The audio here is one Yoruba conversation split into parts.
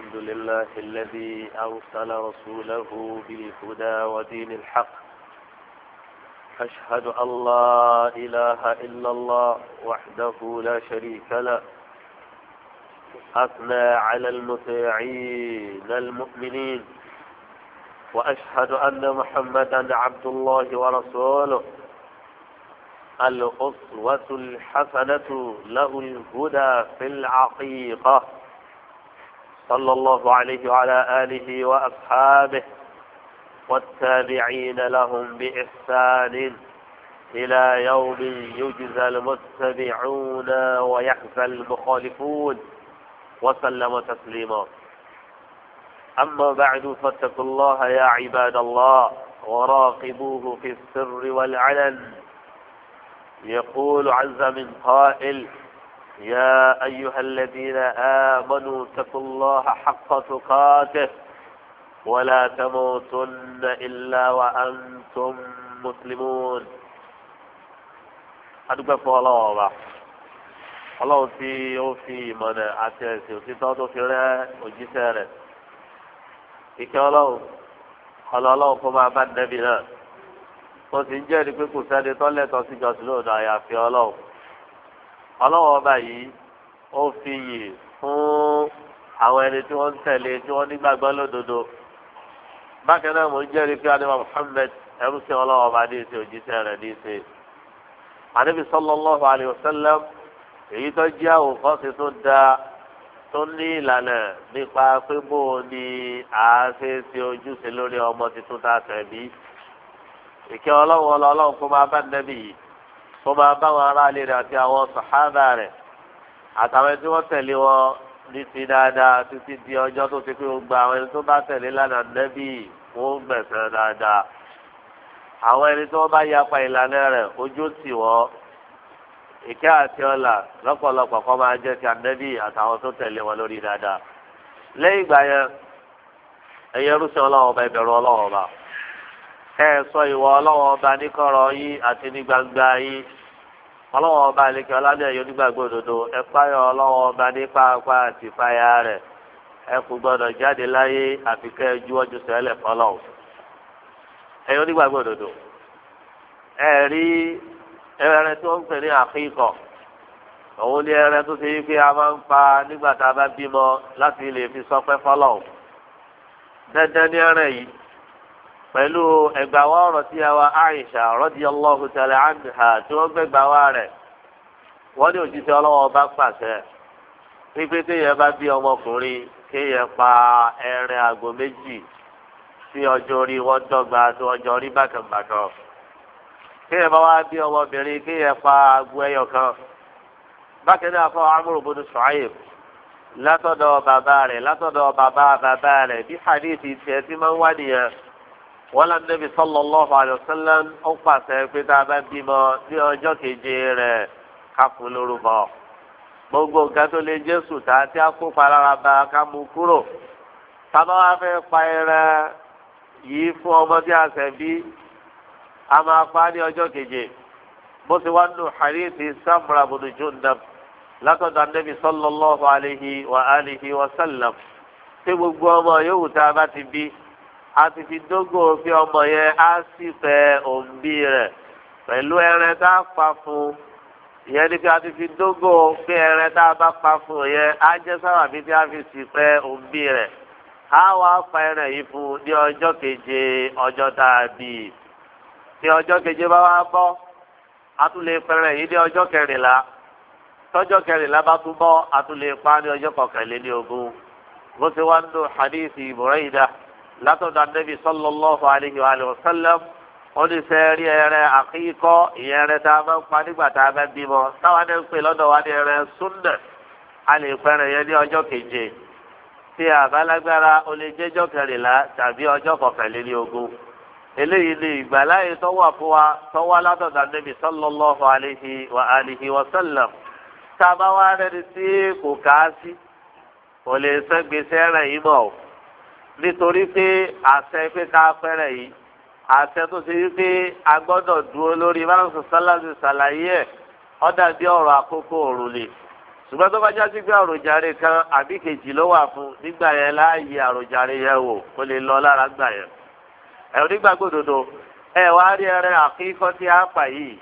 الحمد لله الذي أرسل رسوله بالهدى ودين الحق أشهد أن لا إله إلا الله وحده لا شريك له أثنى على المطيعين المؤمنين وأشهد أن محمدا عبد الله ورسوله الأصوة الحسنة له الهدى في العقيقة صلى الله عليه وعلى آله وأصحابه والتابعين لهم بإحسان إلى يوم يجزى المتبعون ويحزى المخالفون وسلم تسليما أما بعد فاتقوا الله يا عباد الله وراقبوه في السر والعلن يقول عز من قائل يا أيها الذين آمنوا اتقوا الله حق تقاته ولا تموتن إلا وأنتم مسلمون أدبف الله الله في يوفي من أتيس يوفي صوته في رأي وجسارة إكالو قال الله فما بدنا بنا وسنجد في كسادة طلعت وسنجد سلونا يا في الله ọlọ́wọ́ ọba yìí ó fi yè fún àwọn ẹni tí wọ́n ń tẹ̀lé tí wọ́n nígbàgbọ́ lódodo bákan náà mò ń jẹ́rìí pé adébá Muhammad ẹrú sí ọlọ́wọ́ ọba ní ìsìn òjíṣẹ́ rẹ̀ ní ìsìn àdébí sallallahu alayhi wa sallam èyí tó jẹ́ àwòkọ́sí tó dáa tó ní ìlànà nípa pé bó o ní àáfẹ́sí ojúṣe lórí ọmọ tuntun tá a tẹ̀ ìkẹ́ ọlọ́wọ́ ọlọ́wọ́ kó máa bá nẹ́bí yìí kó máa bá wọn ará ilé rẹ̀ àti àwọn sàhábà rẹ̀ àtàwọn tí wọ́n tẹ̀lé wọn ní ti dáadáa títí di ọjọ́ tó ti pé gbogbo àwọn ẹni tó bá tẹ̀lé lánàá nẹ́bí wọ́n gbẹ̀sẹ̀ dáadáa àwọn ẹni tí wọ́n bá yapa ìlànà rẹ̀ ojú tì wọ́n ìkẹ́ àti ọlà lọ́pọ̀lọpọ̀ kọ́ máa jẹ́ ti ànẹ́bí àtàwọn tó tẹ̀lé wọn lórí dáadáa lẹ́yìn ìgbà yẹn ẹ̀yẹ ọlọ́wọ́ ọba ìbẹ̀rù ọlọ́wọ́ ọba ẹ sọ ìwọ ọlọ́wọ́ ọba níkọ̀rọ̀ yín àti ní gbangba yín ọlọ́wọ́ ọba àlekè ọlálẹ́ yóò nígbàgbọ́ òdodo ẹ páyọ̀ ọlọ́wọ́ ọba ní pápá àti ìpáyà rẹ̀ ẹ kò gbọ́dọ̀ jáde láyé àfikẹ́ ju ọjọ́ sẹ́lẹ̀ fọlọ́ ẹ yóò nígbàgbọ́ ẹ rí ẹrẹ tó ń pè ní àkíkọ̀ òun ni ẹrẹ tó ti yí pé a máa ń pa nígbà tá a bá bímọ láti lè fi sọpẹ́ fọlọ́ dandan ní ẹrẹ yìí pẹ̀lú ẹgbàwá ọ̀rọ̀ tí a wa Aisha radiyallahu ta'ala anha tí wọ́n gbẹ̀gbàwá rẹ̀ wọ́n ní òjíṣẹ́ ọlọ́wọ́ bá pàṣẹ wípé téèyàn bá bí ọmọkùnrin kéèyàn pa ẹran àgbò méjì tí ọjọ́ orí wọn dọ́gba tí ọjọ́ orí bákànbákan kéèyàn bá wá bí ọmọbìnrin kéèyàn pa àgbò ẹyọ kan bákan náà fọ amúrò bọ́dọ̀ látọ̀dọ̀ bàbá rẹ̀ látọ̀dọ̀ bàbá bàbá rẹ̀ bí wọn lọ Nabi sallallahu alaihi wasallam ó pàṣẹ pé tá a bá bímọ ní ọjọ́ keje rẹ̀ káfún lórúkọ gbogbo nǹkan tó lè jésù tá a ti á kó palára bá a ká mú kúrò tábà wá fẹ́ pa ẹran yìí fún ọmọ tí a ṣẹ̀ bí a máa pa ní ọjọ́ keje bó ti wá nù hadithi Samra bin Jundab látọ̀dọ̀ Nabi sallallahu alaihi wa alihi wa sallam tí gbogbo ọmọ yòówù tá a bá ti bí àti fi dógò òfin ọmọ yẹn á sì fẹ́ òǹbí rẹ̀ pẹ̀lú ẹran tá a pa fún ìyẹn ni pé a ti fi dógò tá a bá pa fún yẹn á jẹ́ sábà bí tí a fi sì fẹ́ òǹbí rẹ̀ á wá pa ẹran yìí fún ní ọjọ́ keje ọjọ́ tá a bì í tí ọjọ́ keje bá wá bọ́ a tún lè pẹ̀rẹ̀ yìí ní ọjọ́ kẹrìnlá tọ́jọ́ kẹrìnlá bá tún bọ́ a tún lè pa ní ọjọ́ kọkànlélógún bó ti wá ń lo hadith Burayda látọ̀dọ̀ anábì sallallahu alayhi wa sallam ó ní fẹ́ rí ẹrẹ àkíkọ́ ìyẹn rẹ tá a máa ń pa nígbà tá a máa ń bímọ táwa ní ń pè lọ́dọ̀ wa ní ẹrẹ súnà a lè pẹ́rẹ̀ yẹn ní ọjọ́ keje tí àbálágbára ó lè jẹ́jọ́ kẹrìnlá tàbí ọjọ́ kọkànlélí ogún eléyìí ni ìgbàláyè tó wà fún wa tó wá látọ̀dọ̀ anábì sallallahu alayhi wa sallam tá a bá wá rẹ́ni tí kò káásí kò lè sẹ́gbèsẹ́ rẹ̀ yìí mọ́ nítorí pé àṣẹ pé ká fẹ́rẹ̀ yìí àṣẹ tó ṣe wípé a gbọ́dọ̀ dúró lórí ìbáraẹnisọ sálàdù ṣàlàyé ẹ̀ ọ̀dà bí ọ̀rọ̀ àkókò òrùlé ṣùgbọ́n tó bá já sí pé àròjàre kan àbí kejì ló wà fún nígbà yẹn láàyè àròjàre yẹn wò kó lè lọ lára gbà yẹn ẹ̀rọ nígbà gbòdòdó ẹ wá rí ẹrẹ àkíkọ́ tí a fà yìí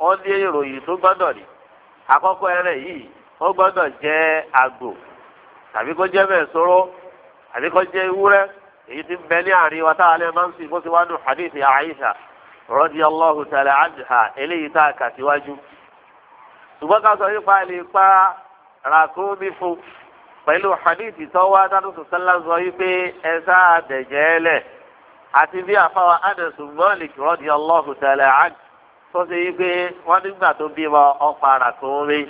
ó ní ìròyìn tó gbọ́dọ̀ rí àkọ́kọ́ ẹrẹ yìí ó gbọ́dọ̀ jẹ́ àgbò tàbí kó jẹ́ bẹ́ẹ̀ sóró àbí kọ́ jẹ́ ewúrẹ́ èyí tí ń bẹ ní àárín wa táwa lẹ́ẹ̀ máa ń sìn bó ti wá nù hadith Aisha radiyallahu ta'ala anha eléyìí tá a kà síwájú. ṣùgbọ́n ká sọ nípa lè pa ràkúnmí fún pẹ̀lú hadith tó wá dánú sọ́sẹ́lá sọ wípé ẹ sáà dẹ̀jẹ́ àti bí àfáwà Anas Malik radiyallahu ta'ala anhu tó ṣe wípé wọ́n nígbà tó bímọ ọ̀pá ràkúnmí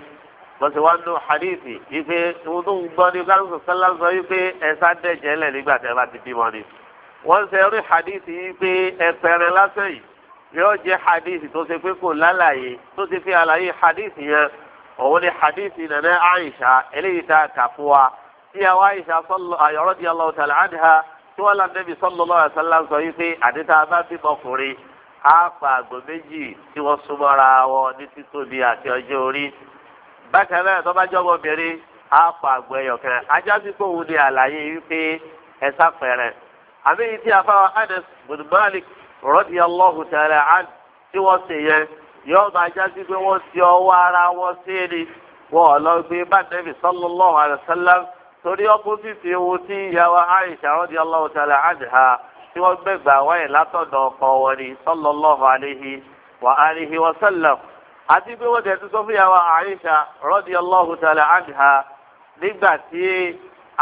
wọ́n ti wá nù hadithi ife ìwọ́n tó ń gbọ́ ní kálukú sọ́lá sọ wípé ẹ̀sà dẹ̀jẹ̀ lẹ̀ nígbà tẹ́ bá ti bímọ ni. wọ́n ṣe rí hadithi wípé ẹ̀pẹ̀rẹ̀ lásán yìí yóò jẹ́ hadithi tó ṣe pé kò lálàyé tó ti fi àlàyé hadithi yẹn òun ni hadithi nana Aisha eléyìí tá a kà fún wa tí àwa Aisha radiyallahu ta'ala anha tí wọ́n lànà níbi sallallahu tí wọ́n súnmọ́ra wọn ní títóbi àti ọjọ́ orí bákan náà tó bá jọ́gbọ́n obìnrin á pa àgbọ̀ ẹyọ kan ajá sí pé òun ni àlàyé wípé ẹ sáfẹ̀rẹ̀. àmì yìí tí afáwọn Anas bin Malik radiyallahu ta'ala an tí wọ́n ṣe yẹn yóò máa já sí pé wọ́n ti ọwọ́ ara wọn sí ni wọ́n ò lọ gbé bá Nabi sallallahu alaihi wasallam torí ọpọ́sìtì ewu tí ìyàwó Aisha radiyallahu ta'ala anha tí wọ́n gbẹ̀gbà wáyé látọ̀dọ̀ ọkọ wọn ni sallallahu alaihi wa àti pé wọ́n tẹ̀sí sọ fún ìyàwó Àìṣà radiyallahu ta'ala anha nígbà tí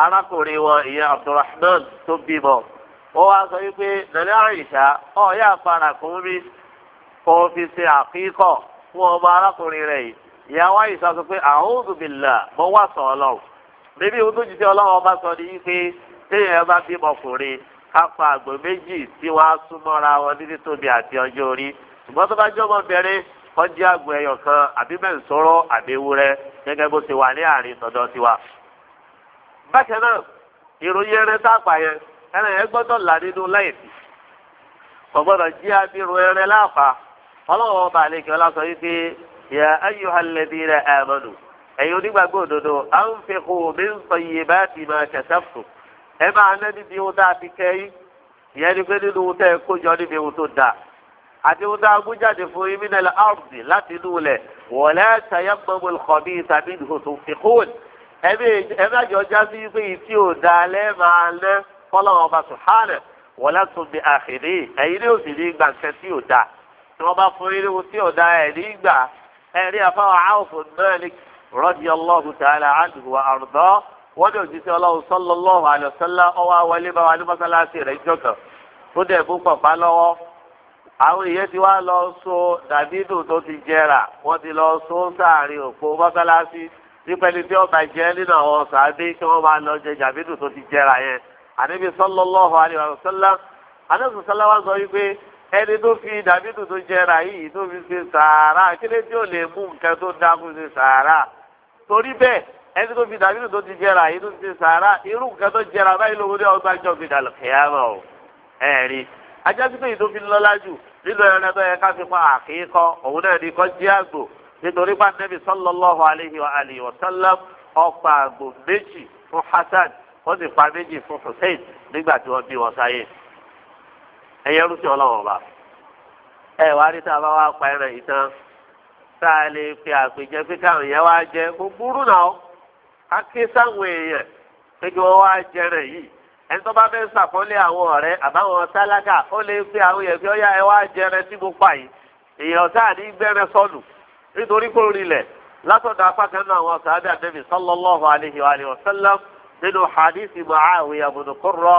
arákùnrin wọn ìyẹn Abdulrahman tó bímọ ó wá sọ wípé nàlẹ́ Àìṣà ọ̀ yà fara kún mi kó o fi ṣe àkíkọ̀ fún ọmọ arákùnrin rẹ̀ yìí ìyàwó Àìṣà sọ pé a'udhu billah mo wà sọ ọlọ́run bíbí ohun tó jù sí ọlọ́run ọba sọ ni wípé téèyàn bá bímọ ọkùnrin ká pa àgbò méjì tí wọ́n súnmọ́ra wọn níbi tóbi àti ọjọ́ orí ṣùgbọ́n tó bá jọ́ ọmọbìnrin kọjí àgbò ẹyọ kan àbí mẹ́ǹsọ́rọ́ àbí ewúrẹ́ gẹ́gẹ́ bó ṣe wà ní àárín tọ̀dọ̀ tiwa. bákan náà ìròyìn ẹrẹ sáàpà yẹn ẹrẹ yẹn gbọ́dọ̀ là nínú láìsí kò gbọ́dọ̀ jí abirù ẹrẹ láàpá ọlọ́wọ́ ọba àlekè ọlá sọ wípé yà ayyuhal ladina amanu ẹ̀yin onígbàgbọ́ òdodo anfiqu min tayyibati ma kasabtum ẹ máa ná níbi ohun tá a fi kẹ́ yín ìyẹn ni pé nínú ohun tẹ́ ẹ kó jọ níbi ohun tó dáa àti wọn tá a gún jáde fún yín mínà áàbùdì láti inú lẹ wọlé ṣayẹpẹmọ ìkọbí tàbí ìhòòtò fìkún ẹbí ẹbájọ já sí pé ìtí ò da alẹ máa ná fọlọ́wọ́n ọba sùhánà wọlé tún bí àfìrí ní òsì ní gbà nǹkan tí ò tí wọ́n bá fún yín ní tí ò da ní gbà ẹ̀ ní àfáwọn áwòfò mẹ́rin rọ́bì ọlọ́hùn tààlà àdùgbò àrùdọ́ wọ́n ní òjíṣẹ́ ọlọ́hùn sọ́lọ́lọ́hùn àlọ́sọ́lá ọwọ́ àwọlé bá wà ní mọ́sálásí àwọn èèyàn ti wá lọ so dàbídù tó ti jẹrà wọn ti lọ so sáàrin òpó mọ́sálásí nípẹ́ni tí ọba jẹ́ nínú àwọn sàádé kí wọ́n máa lọ jẹ dàbídù tó ti jẹrà yẹn àníbi sallallahu alaihi wasallam anáṣọ sọlá wa sọ wípé ẹni tó fi dàbídù tó jẹrà yìí tó fi ṣe sàárà kílé tí ò lè mú nǹkan tó dákú ṣe sàárà torí bẹ́ẹ̀ ẹni tó fi dàbídù tó ti jẹrà yìí tó fi ṣe sàárà irú nǹkan tó jẹrà báyìí lówó ní ọgbà jọ gbẹdàlù ẹ̀rí ajásí pé ìdófin lọ́lá jù nínú ẹran tó yẹ ká fi pa àkíkọ òun náà ní kọ́ jí àgbò nítorí pé nẹ́bí sallallahu alayhi wa alihi wa àgbò méjì fún hasan ó sì pa méjì fún hussein nígbà tí wọ́n bí wọn sáyé ẹ̀yẹ rúṣì ọlọ́wọ́n bá ẹ wá rí tá a bá wá pa ẹran yìí tán tá a lè ẹni tó bá fẹ́ sàkọ́lé àwọn ọ̀rẹ́ àbáwọn tálákà ó lè pe àwọn yẹn fi ọyá ẹ wá jẹrẹ sí gbogbo àyè èèyàn tá à ní gbẹrẹ sọnù nítorí kó rinlẹ̀ látọ̀dọ̀ apá kan náà àwọn sàádà Ànábì sallallahu alayhi wa sallam nínú hadithi Muawiya ibn Qurra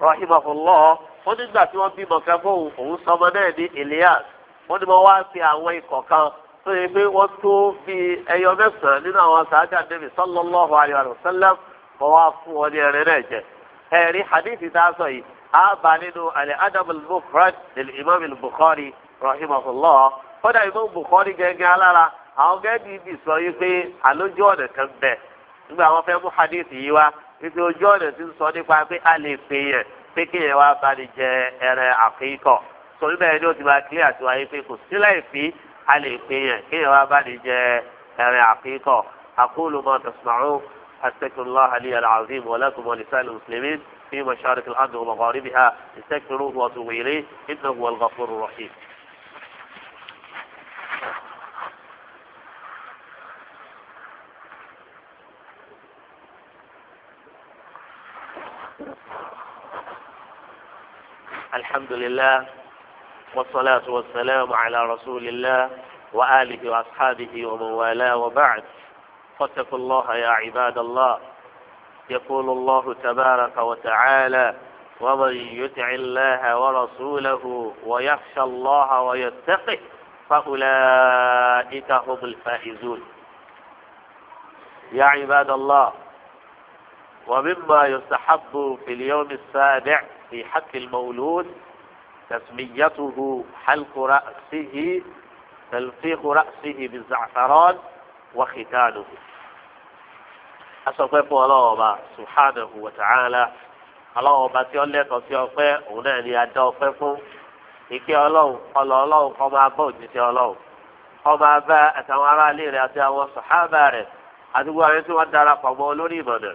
rahimahullah wọ́n nígbà tí wọ́n bímọ kan fún òun sọmọ náà ní Ilyas wọ́n ní wọ́n wá kọ́ wá fún ọ ní ẹrẹ náà jẹ ẹ̀rí hadithi tá a sọ yìí a bá nínú alẹ́ adam al-mufrad lil imam al-bukhari rahimahullah kódà imam bukhari gẹ́gẹ́ alára àwọn gẹ́gẹ́ ibi sọ yìí pé àlójú ọ̀nà kan bẹ̀ nígbà wọn fẹ́ mú hadithi yìí wá ibi ojú ọ̀nà ti ń sọ nípa pé a lè pè yẹn pé kéèyàn wá bá ní jẹ ẹrẹ àkíkọ̀ sọ̀rọ̀ bẹ́ẹ̀ ni ó ti máa kílẹ̀ àti wáyé pé kò sílẹ̀ ìfì a lè pè yẹn kéèyàn wá bá ní jẹ ẹrẹ àkíkọ̀ aqulu ma tasma'un. أستغفر الله لي العظيم ولكم ولسائر المسلمين في مشارق الأرض ومغاربها استغفروه وأتوبوا إليه إنه هو الغفور الرحيم الحمد لله والصلاة والسلام على رسول الله وآله وأصحابه ومن والاه وبعد فاتقوا الله يا عباد الله يقول الله تبارك وتعالى ومن يطع الله ورسوله ويخشى الله ويتقه فأولئك هم الفائزون يا عباد الله ومما يستحب في اليوم السابع في حق المولود تسميته حلق رأسه تلفيق رأسه بالزعفران وختانه asọpẹ́ fún Ọlọ́run ọba subhanahu wa ta'ala Ọlọ́run ọba tí ó lẹ́tọ̀ọ́ sí ọpẹ́ òun ni adá ọpẹ́ fún ìkẹ́ Ọlọ́run ọlọ Ọlọ́run kó máa bá òjíṣẹ́ Ọlọ́run kó máa bá àtàwọn aráalé rẹ̀ àti àwọn sàhábà rẹ̀ àti gbogbo àwọn tí wọn darapọ̀ mọ́ lórí ìmọ̀nà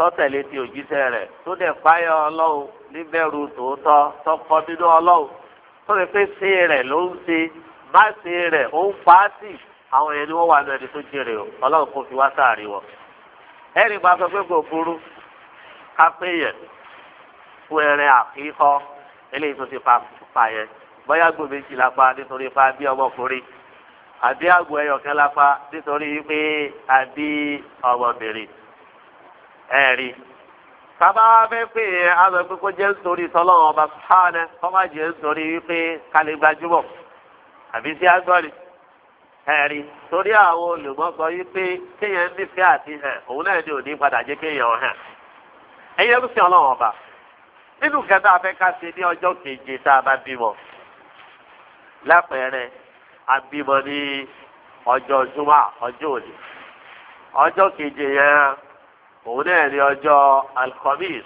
tọ́tẹ̀lé ti òjíṣẹ́ rẹ̀ tó dẹ̀ páyọ̀ ọlọ́run níbẹ̀rù tòótọ́ tọkọ nínú ọlọ́run tó lè pé ṣe rẹ̀ ló ń ṣe má ṣe rẹ̀ ó ń pa á sí àwọn yẹn ni wọ́n wà ní ẹni tó jèrè o ọlọ́run kò fi wá sáàrí wọn. ẹnì bá sọ pé kò burú ká pé fún ẹrẹ àkíkọ́ eléyìí tó ti pa pa yẹn bóyá gbò méjì lápá nítorí pa bí ọmọkùnrin àbí àgbò ẹyọkẹ́ lápá nítorí pé àbí ọmọbìnrin. ẹ̀rí sábà wá fẹ́ pé azọ pé kó jẹ́ nítorí tọ́lọ́wọ́n ọba sùhánẹ́ kọ́má jẹ́ nítorí wípé kálí gbajúmọ̀ àbí sí agbọ́rì ẹ̀rí torí àwọn olùgbọ́sọ wípé kéèyàn nífẹ̀ẹ́ àti hàn òun náà ni òní padà jẹ́ kéèyàn hàn ọba nínú keje tá a bá bímọ lápẹẹrẹ abímọ ní ọjọ́ keje yẹn. òun náà ní ọjọ́ alkhamis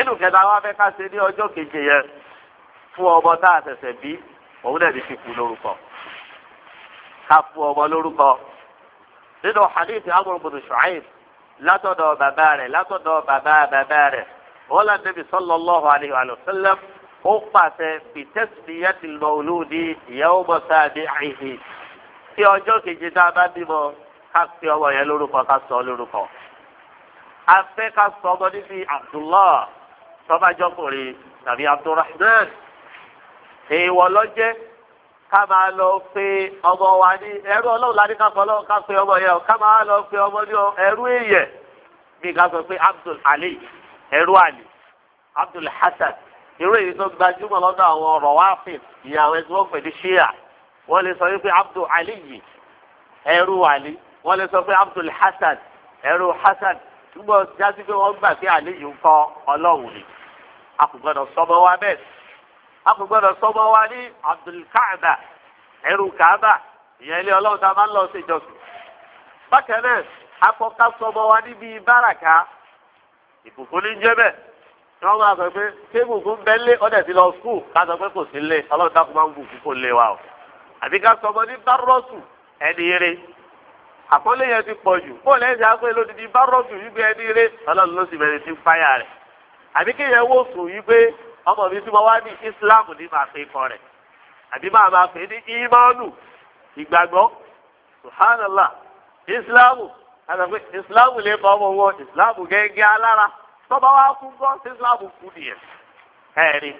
inú kẹta wa fẹ́ ká ṣe ní ọjọ́ keje yẹn fún ọmọ tá a ṣẹ̀ṣẹ̀ bí òun náà ní fífún lórúkọ ká fún ọmọ lórúkọ nínú hadith Amr ibn Shu'aib látọ̀dọ̀ bàbá rẹ̀ látọ̀dọ̀ bàbá bàbá rẹ̀ wọ́n lọ Nabi sallallahu alayhi wa sallam ó pàṣẹ bi tasmiyati al-mawludi yawma sabi'ihi kí ọjọ́ keje tá a bá bímọ ká fi ọmọ yẹn lórúkọ ká sọ lórúkọ afẹ́ ká sọmọ níbi abdullah sọmájọkùnrin tàbí abdulrahman èèwọ̀ lọ́jẹ́ ká máa lọ pe ọmọ wa ní ẹrú ọlọ́run la ní ká fọ́ ọlọ́run ká pe ọmọ yẹn ká máa lọ pe ọmọ ní ẹrú èèyàn bí ká sọ pé abdul ali ẹrú ali abdul hasan irú èyí tó gbajúmọ̀ lọ́dọ̀ àwọn rọ̀wáfin ìyàwó ẹni tí wọ́n pè ní ṣíà wọ́n lè sọ wípé abdul ali yìí ẹrú ali wọ́n lè sọ pé abdul hasan ẹrú hasan túbọ̀ jásí pé wọ́n gbà pé àlejò ń kọ́ ọlọ́run ni a kò gbọ́dọ̀ a kò gbọ́dọ̀ sọmọ wa ní abdulkaaba ẹrù kaaba ìyẹn ilé ọlọ́run tá a máa ń lọ sí ìjọsìn bákan náà akọ́ká sọmọ wa níbi báràká ìbùkún ní wọ́n máa o àbí ká sọmọ ní bárọ́sù ẹni àkọlé yẹn ti pọ̀ jù bóòlù ẹ̀sìn àgbẹ̀ lódìdí bá rọ́ọ̀tù wípé ẹni rẹ ọlọ́run ló sì bẹ̀rẹ̀ sí fáyà rẹ̀ àbí kí yẹn wò sùn wípé ọmọ mi tí mo wá ní Islam ní màá fi kọ rẹ̀ àbí màá máa fi ní ìmánù ìgbàgbọ́ subhanallah Islam àtàkùn Islam lè bọ́ ọmọ wọn Islam gẹ́gẹ́ alára tọ́ba wa kú gbọ́ sí Islam kú nìyẹn ẹ̀rí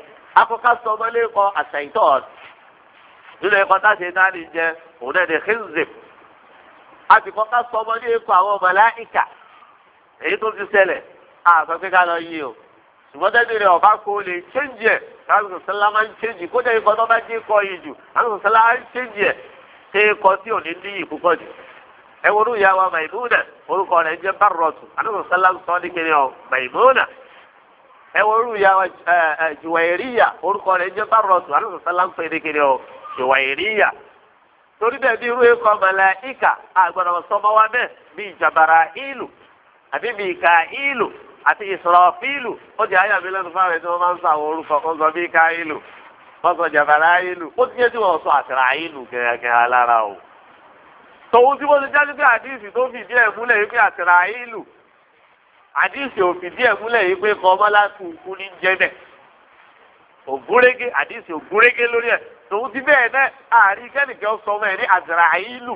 akọ́ká sọmọlé kọ àṣà ìtọ́ọ̀tì a sì kọ́ ká sọmọ ní ikọ̀ àwọn màláìkà èyí tó ti a sọ pé ká lọ yí o ṣùgbọ́n tẹ́lẹ̀ rẹ̀ ọba kó lè ṣéǹjì ẹ̀ káàkiri sọlá máa ń ṣéǹjì kó tẹ́lẹ̀ ikọ̀ tó bá dé ikọ̀ yìí jù máa ń ṣéǹjì ẹ̀ ṣé ikọ̀ tí ò ní níyì púpọ̀ jù ẹ wọnú ìyá wa Maimuna orúkọ sọ ní kiri ọ Maimuna ẹ wọnú ìyá wa Juwairiya orúkọ sọ ní kiri ọ Juwairiya torí bẹ́ẹ̀ bí irú ikọ̀ màláíkà àgbọ̀dọ̀ sọmọ wa bẹ́ẹ̀ bí ìjàmbára ilu àbí bí ìka ìlú àti ìsọ̀rọ̀fílù ó di ayé àbílẹ̀ tó fáwọn ẹni tí wọ́n máa ń sọ àwọn orúkọ kan sọ bí ìka wọ́n sọ jàmbára ó ti o. tòun tí ti jáde pé àdìsí tó fìdí ẹ̀ múlẹ̀ yìí pé àtàrà àdìsí ò fìdí ẹ̀ múlẹ̀ yìí pé kọ́ tòun ti bẹ́ẹ̀ náà àárín kẹ́nìkan sọ ọmọ ẹ̀ ní azrailu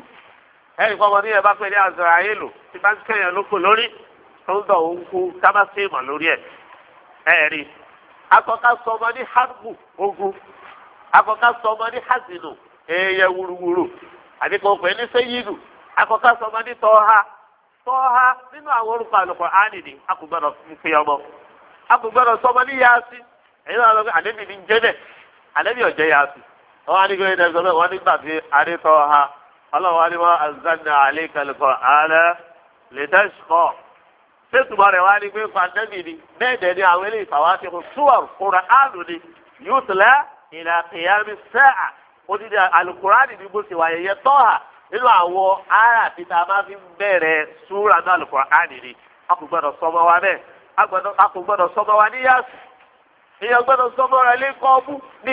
ẹnì ní ẹ bá pè ní tí bá ń kẹ́yàn lórí tó ń tábàsíìmọ̀ lórí ẹ̀ sọ ọmọ ní ogun sọ ọmọ ní ẹ̀yẹ àti ní sẹ́yìnù sọ ọmọ ní tọ́ha tọ́ha nínú àwọn orúkọ àlùkò ánìní akùgbọ́dọ̀ fi ọmọ wọ́n á ní gbé ẹ̀dẹ̀ sọ́bẹ̀ wọ́n nígbà tí ha ọlọ́run wá ní wọ́n azanna àlékalùkọ̀ ààrẹ lẹ́tẹ̀sùkọ̀ ṣètùmọ̀ rẹ̀ wá ní gbé pàndẹ́mì ni bẹ́ẹ̀ dẹ̀ àwọn eléyìí áàlù ni yóò tilẹ̀ ìlà sẹ́à ni mo nínú àwọn ara máa fi bẹ̀rẹ̀ súra ni a kò sọmọ wa bẹ́ẹ̀ a kò sọmọ wa ní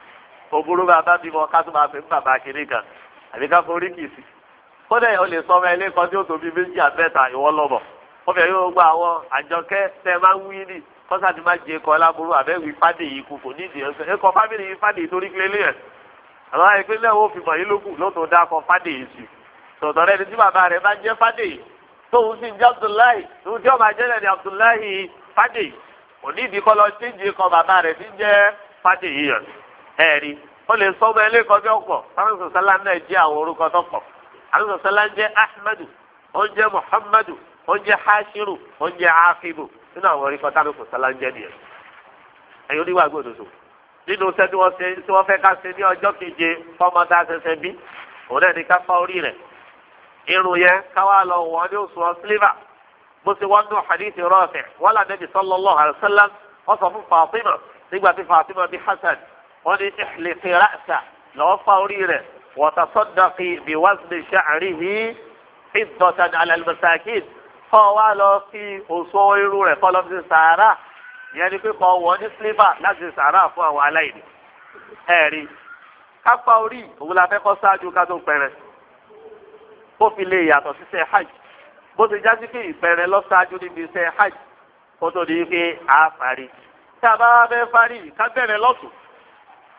òbúrú bàbá bímọ ká máa fi ń bàbá kiri kan àbí ká forí o lè sọ ọmọ ilé kan tí ó tóbi méjì àbẹ́ta ìwọ lọ́bọ̀ wọ́n fẹ́ yóò gba àwọn àjọkẹ́ tẹ́ máa ń wí ní máa jẹ kọ́ yìí kò ní ìdí fámìlì yìí torí ẹ̀ àwọn ìpínlẹ̀ wo rẹ ni tí bàbá rẹ bá jẹ́ fádé yìí tóun sì ń jẹ́ Abdullahi ni Abdullahi yìí kò ní ìdí rẹ jẹ́ yìí yẹn ó lè sọ ọmọ ẹlẹ́kọ̀ọ́ bí ọ̀pọ̀ àrùsọ̀ sálá náà jẹ́ àwọn orúkọ tó pọ̀ àrùsọ̀ sálá ń jẹ́ ahmadu ó ń jẹ́ muhammadu ó ń jẹ́ hashiru ó ń jẹ́ afibu nínú àwọn orúkọ tárùsọ̀ sálá ń jẹ́ nìyẹn ẹ̀yọ́ níwà gbòdòdò nínú iṣẹ́ tí wọ́n ṣe tí wọ́n fẹ́ ká ṣe ní ọjọ́ keje fọ́mọ tá a ṣẹ̀ṣẹ̀ bí òun náà ká fá orí rẹ̀ irun yẹn káwá lọ wọ́n ní oṣù ọ̀sílíbà bó ṣe wọ́n nù hadithi Rafi' wala nabi sallallahu alaihi wasallam wọ́n sọ fún Fatima nígbà tí Fatima bí Hasan wọ́n ní ìhlẹ̀tì ráṣà lọ́wọ́ fa orí rẹ̀ wọ́tasọ́dọ̀kì bí wàásù ṣàárí hí ìdọ̀tàn alàlùmọ̀sáàkì kọ́ wa lọ fi òṣò irú rẹ̀ kọ́ lọ fi sàárà ìyẹn ni pé wọ́n ní sílíbà láti sàárà fún àwọn aláìní. ẹ̀rí kápá orí òun la fẹ́ kọ́ ṣáájú ká tó pẹ̀rẹ̀ kó fi lè yàtọ̀ síṣẹ́ hajj bó ti já sí pé ìpẹ̀rẹ̀ lọ ṣáájú níbi iṣẹ́ kó tó di pé a tá a bá fẹ́ parí ká bẹ̀rẹ̀ lọ́tún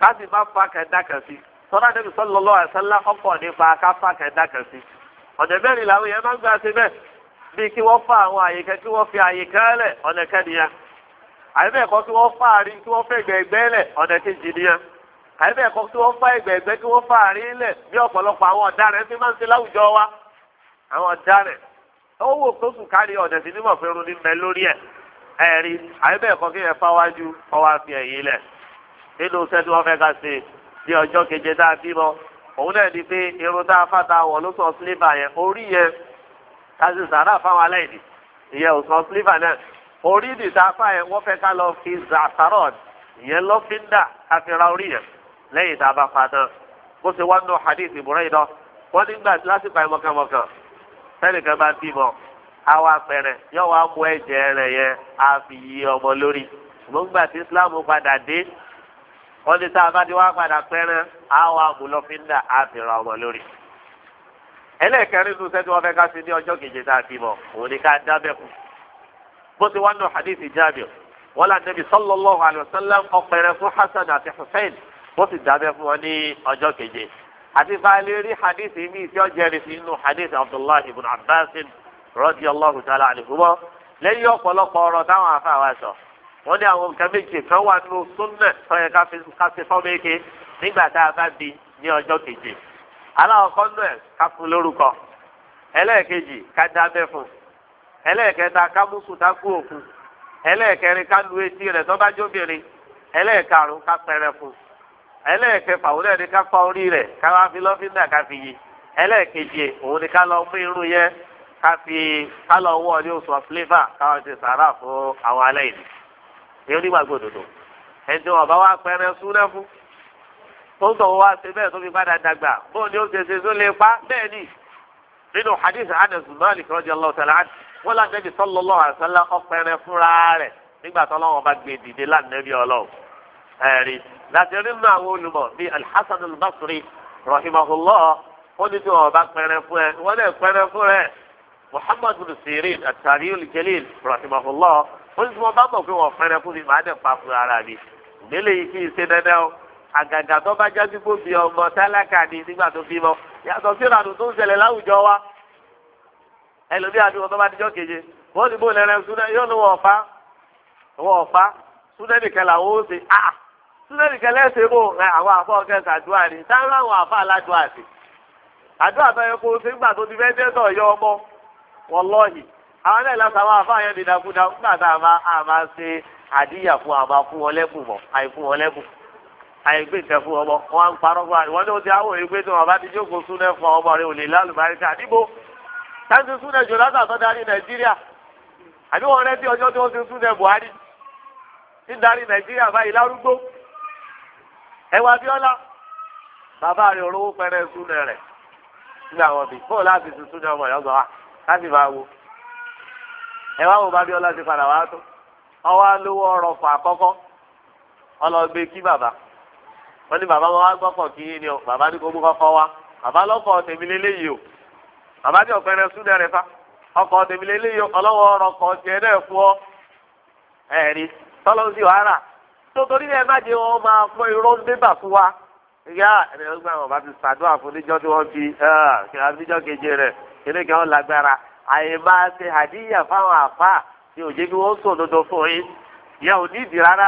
káàsì má fa kẹ̀dá kan si tọ́lá níbi sallallahu alaihi wasallam ọ̀pọ̀ nípa ká fa kẹ̀dá kan sí ọ̀nà mẹ́rin làwọn yẹn máa ń kí wọ́n fa àwọn àyè kí wọ́n fi àyè kan lẹ̀ ọ̀nà kẹ́niyàn àyẹ̀bẹ̀ẹ̀kọ́ kí wọ́n fa àárín kí wọ́n fẹ́ gbẹ̀gbẹ́ lẹ̀ ọ̀nà kejì kí fa kí fa àárín lẹ̀ bí ọ̀pọ̀lọpọ̀ àwọn ọ̀daràn máa ń wa àwọn ọ̀daràn ó wò tó sùn kárí sí ní mẹ́ lórí ẹ̀ ẹ̀rí kí fáwájú ọwọ́ àfi ẹ̀yìn nínú iṣẹ́ tí wọ́n fẹ́ ká ṣe bí ọjọ́ keje tá a bímọ òun náà ni pé irun tá a fà tá a wọ̀ ló sọ sílíbà yẹn orí yẹn ká sì sàrà fáwọn aláìní ìyẹn ò sọ sílíbà náà orí ìdì tá a fà yẹn wọ́n fẹ́ ká lọ fi zàtàrọ̀ ìyẹn lọ́fíńdà ká fi ra orí yẹn lẹ́yìn tá a bá fa tán bó ṣe wá nù hadith ìbúrẹ́ ìdán wọ́n nígbà lásìkò àìmọ̀kànmọ̀kàn sẹ́nìkan bá bímọ àwọn apẹ̀rẹ̀ yóò wá mú ẹ̀jẹ̀ rẹ̀ yẹn á fi yí ọmọ lórí wọ́n ti tá a bá ti wá padà pẹ́rẹ́ á wá amúlọ́fíńdà á fi ra ọmọ lórí. ẹlẹ́ẹ̀kẹrin tún sẹ́tí wọ́n fẹ́ ká sí ní ọjọ́ keje tá a ti mọ̀ òun ni ká dábẹ́ kù. bó ti wá nù hadithi Jabir wọ́n là Nabi sallallahu alaihi wasallam fún Hasan àti Hussein bó ti dábẹ́ fún wọn ní ọjọ́ keje. àti fàálẹ̀ rí hadithi mi tí ó jẹ́rìí sí inú hadith Abdullahi ibn Abbas radiyallahu ta'ala anhuma lẹ́yìn ọ̀pọ̀lọpọ̀ ọ̀rọ̀ wọ́n ní àwọn nǹkan méje kan wà nínú súnnà tọ́yẹ ká ṣe fọ́ méje nígbà tá a bá bí ní ọjọ́ keje aláwọ̀kọ́ náà ká fún lórúkọ ẹlẹ́ẹ̀kejì ká ẹlẹ́ẹ̀kẹta ká òkun ẹlẹ́ẹ̀kẹrin ká lu etí rẹ̀ bá jóbìnrin ẹlẹ́ẹ̀karùn ká pẹrẹ fún ẹlẹ́ẹ̀kẹfà òun náà ni ká orí rẹ̀ ká wá fi ní oṣù ọ̀flẹ́fà káwọn ti sàrà ní onígbàgbọ́ òdodo ẹni tí wọn bá wá pẹrẹ súná fún tó ń tọ̀wọ́ wá ṣe bẹ́ẹ̀ tó fi padà dàgbà bóun ni ó ṣe ṣe tó lè pa bẹ́ẹ̀ ni nínú hadith Anas Malik radiyallahu ta'ala anhu wọn lànàbí sallallahu alaihi wasallam ọpẹrẹ fúnra rẹ̀ nígbà tó lọ́wọ́ bá gbé dìde lànàbí ọlọ́wọ́ ẹ̀rí láti rí nínú àwọn olùmọ̀ bíi al Al-Basri rahimahullah ó ní tí wọn bá pẹrẹ fún ẹ wọn lè pẹrẹ fún rẹ Muhammadu Sirin at-Tabi'i al ó sì mọ bá mọ̀ pé wọ́n fẹ́rẹ́ fún mi màá dẹ̀ pa fún ara mi ìgbélé yìí kì í ṣe dandan o àgàgà tó bá gbígbó bí ọmọ tálákà ni nígbà tó bímọ yàtọ̀ sí ìrànú tó ń ṣẹlẹ̀ láwùjọ wa ẹlòmí àdúgbò tó bá keje wọ́n ti bó súnẹ́ yóò súnẹ́ làwọn ó ṣe a ah, súnẹ́ àwọn náà lọ́sọ̀ àwọn àfáà yẹn dìdàkúdà nígbà a máa a máa ṣe àdíyà fún àmà fún wọn lẹ́bùn mọ́ àìfún wọn lẹ́bùn àìgbé nǹkan fún ọmọ wọn ń parọ́ fún àwọn ìwọ́n tí àwọn èèyàn gbé tí wọn bá ti jókòó súnà fún ọmọ rẹ ò lè lálùbáríkà níbo táǹtì darí Nàìjíríà àbí wọn tí ọjọ́ tí wọ́n ti Buhari ẹwà wá wo ti padà wá tó ọwọ́ alówó ọrọ fún àkọ́kọ́ ọlọ́gbé kí bàbá ní bàbá wọn wá gbọ́kọ̀ kí ni bàbá ní wá bàbá lọ́kọ̀ tèmi léléyìí o bàbá ní ọkọ súnà rẹ fa tèmi náà ọ sí wàhálà ẹ má wọn máa irọ́ fún wa ìyá wọn bá ti fún tí fi ah, àyèmá ṣe hàdíyà fáwọn àfa ni òjé bí wọ́n sùn òdodo fún yín yẹ ò nídìí rárá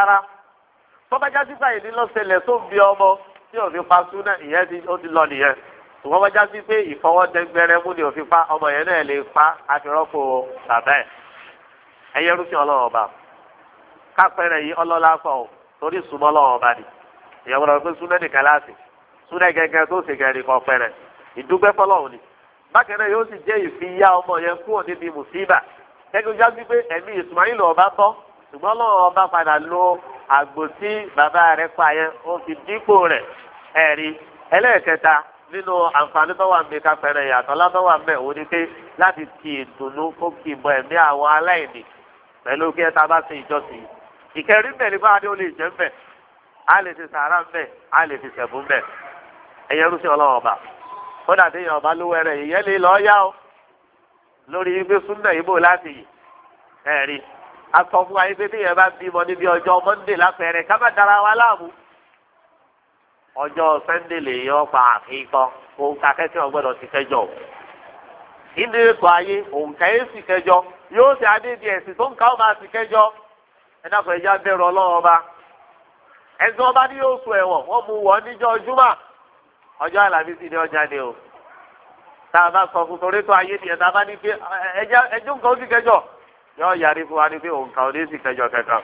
tọ́bajá sísá yìí ní lọ́sẹ̀lẹ̀ tó ń bí ọmọ tí ò fi pa súnà ìyẹn ti ó ti lọ nìyẹn ṣùgbọ́n bá já sí pé ìfọwọ́dẹ́gbẹrẹ mú ni ò fi pa ọmọ yẹn náà lè pa àfirọ́pò bàbá ẹ̀ ẹ̀yẹ rúfin ọlọ́wọ́ bá kápẹ́rẹ́ yìí ọlọ́lá pọ̀ torí súnmọ́ ọlọ́wọ́ bá ni ìyẹn wọ́n lọ pé súnà nìkan láti súnà gẹ́gẹ́ tó ṣe gẹ́rin kan pẹ́rẹ́ ìdúgbẹ́ fọlọ́wọ́ ni bákan náà yóò sì jẹ́ ìfìyà ọmọ yẹn kúrò níbi mùsíbà gẹ́gẹ́ já pé ẹ̀mí Ismail ọba bọ́ ṣùgbọ́n lọ́wọ́ ọba padà lo àgbò tí bàbá rẹ̀ pa yẹn ó fi dípò rẹ̀ ẹ̀rí ẹlẹ́ẹ̀kẹta nínú àǹfààní tó wà ń bẹ yàtọ̀ ni pé láti ti ìdùnnú kó kì í bọ ẹ̀mí àwọn aláìní pẹ̀lú kí bá ìjọsìn ìkẹrí lè fi lè fi sẹ̀bù ọba kódà tí ọba ló lówó ẹrẹ ìyẹn lè lọ yá o lórí ibi súnà ìbò láti yìí ẹ̀rí asọ fún wa ibi tí bá bímọ níbi ọjọ́ mọ́ndé lápẹẹrẹ ká má dara wa láàmú ọjọ́ sẹ́ndé lèèyàn pa àfikọ́ òǹkà kẹ́kẹ́ ọgbọ́dọ̀ ti kẹjọ ètò ayé òǹkà yẹn sì kẹjọ yóò ṣe ẹ̀sìn tó ń ká ọba sì kẹjọ ọba ẹ̀sìn ọba ni yóò sọ wọ́n mu wọ́n níjọ́ ọjọ́ àlàmísì ni ọjà ni o tá a bá sọ fún torí tó ayé nìyẹn tá a bá ní pé ẹjọ́ nǹkan ó sì kẹjọ yóò yarí fún wa ní pé òǹkà ò ní sì kẹjọ kankan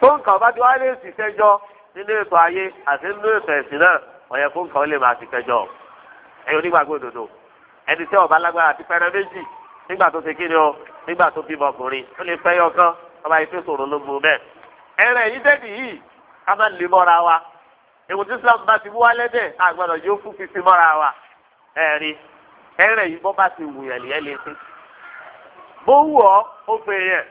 tó nǹkan ọba tí wàá lè sì kẹjọ nínú ètò ayé àti nínú ètò ẹ̀sìn náà ọ̀yẹ̀ fún nǹkan ó lè máa sì kẹjọ ẹ̀yin onígbàgbọ́ òdòdó ẹni tí ọba lágbára àti pẹrẹ méjì nígbà tó ṣe kíni o nígbà tó bímọ ọkùnrin ó lè fẹ́ yọkan ọba ìfẹ́ sòrò ló ewu tí islam bá ti wá lẹ́dẹ̀ àgbàdo yóò fún fífi mọ́ra wa yìí bọ́ bá ti wù yẹn lìyẹn lè bó wù ọ́ ó pè yẹn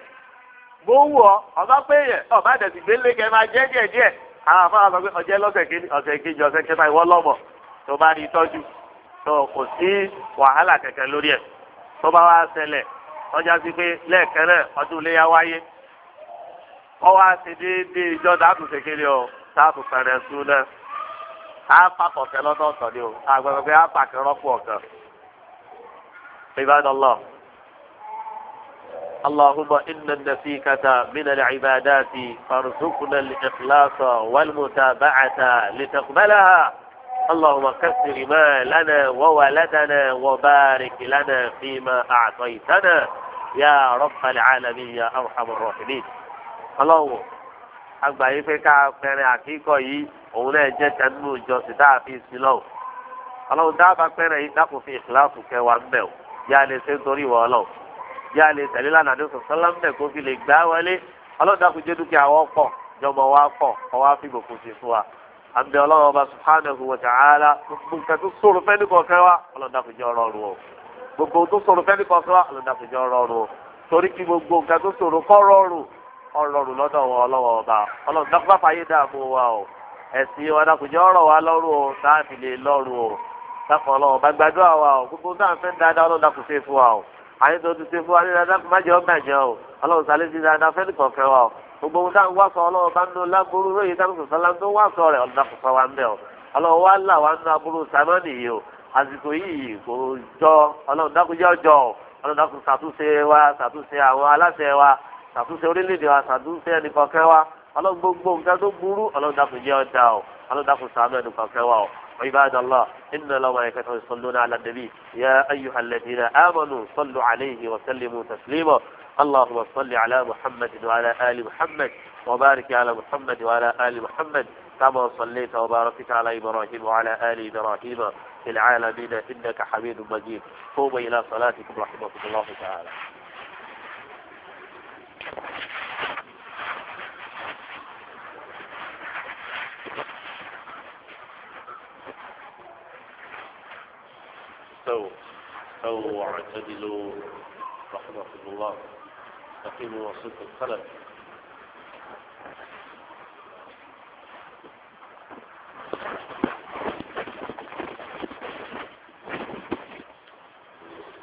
bó wù ọ́ ọba pè yẹn ọba àdẹ̀sí gbélé kẹ́ máa jẹ́ díẹ̀ díẹ̀ àwọn afárá sọ pé ọjẹ́ lọ́sẹ̀ kejì ọ̀sẹ̀ kejì ọ̀sẹ̀ kẹta ìwọ lọ́mọ tó bá rí tọ́jú tó kò sí wàhálà kẹ̀kẹ́ lórí ẹ̀ tó bá wá ọjà sí pé lẹ́ẹ̀kẹ́rẹ́ ọdún wáyé ọ wá ṣe déédéé ìjọ dáàbò á lọ́dọ̀ ọ̀tọ̀ ni o àgbẹ̀rẹ̀ á pàkẹ́ rọ́pò ọ̀kan. عباد الله اللهم إن النسيكة من العبادات فارزقنا الإخلاص والمتابعة لتقبلها اللهم كسر ما لنا وولدنا وبارك لنا فيما أعطيتنا يا رب العالمين يا أرحم الراحمين اللهم àgbà yìí pé ká pẹrin àkíkọ yìí òun náà jẹ tẹnu Ọlọ́run dábàá yìí dákun fi ìkìláàsù kẹwàá mbẹ o yá lè ṣe nítorí ìwọ ọlọ yá lè tẹ̀lé lánàá ní oṣù sọlá mbẹ kó fi lè gbá wọlé Ọlọ́run dákun dúkìá jọmọ wa pọ̀ kọ fi sí fún wa àbẹ Ọlọ́run ọba subhanahu wa ta'ala gbogbo nǹkan tó fẹ́ wa Ọlọ́run dákun o torí kí gbogbo nǹkan tó ọrọrùn lọ́dọ̀ wọn ọlọ́wọ́ ọba ọlọ́run dákúbá fàyè dààmú wa o ẹ̀sìn wa dákúnjẹ́ ọ̀rọ̀ wa lọ́rùn o tá a fi lè lọ́rùn o dákun ọlọ́run bá gbàdúrà wa o gbogbo náà fẹ́ dáadáa ọlọ́run dákun ṣe fún wa o àyè tó ti ṣe fún wa ní dáadáa má jẹ́ ọgbà jẹ́ o ọlọ́run sálẹ̀ ti dáadáa fẹ́ nìkan fẹ́ wa o gbogbo ohun táwọn wá sọ ọlọ́run bá ń lo lágbóró lóye táwọn sọ̀tàn láńtó wá sọ rẹ̀ ọ̀nà kò sọ wa ń ṣàtúnṣe orílẹ̀-èdè wa ṣàtúnṣe ẹnìkọ̀ọ̀kan wa ọlọ́run gbogbo nǹkan tó burú ọlọ́run dákun jẹ́ ọ̀dà o ọlọ́run dákun ṣàánú ẹnìkọ̀ọ̀kan wa o. عباد الله إن الله وملائكته يصلون على النبي يا أيها الذين آمنوا صلوا عليه وسلموا تسليما اللهم صل على محمد وعلى آل محمد وبارك على محمد وعلى آل محمد كما صليت وباركت على إبراهيم وعلى آل إبراهيم في العالمين إنك حميد مجيد قوموا إلى صلاتكم رحمة الله تعالى أو استووا واعتدلوا رحمكم الله أقيموا وسط الخلف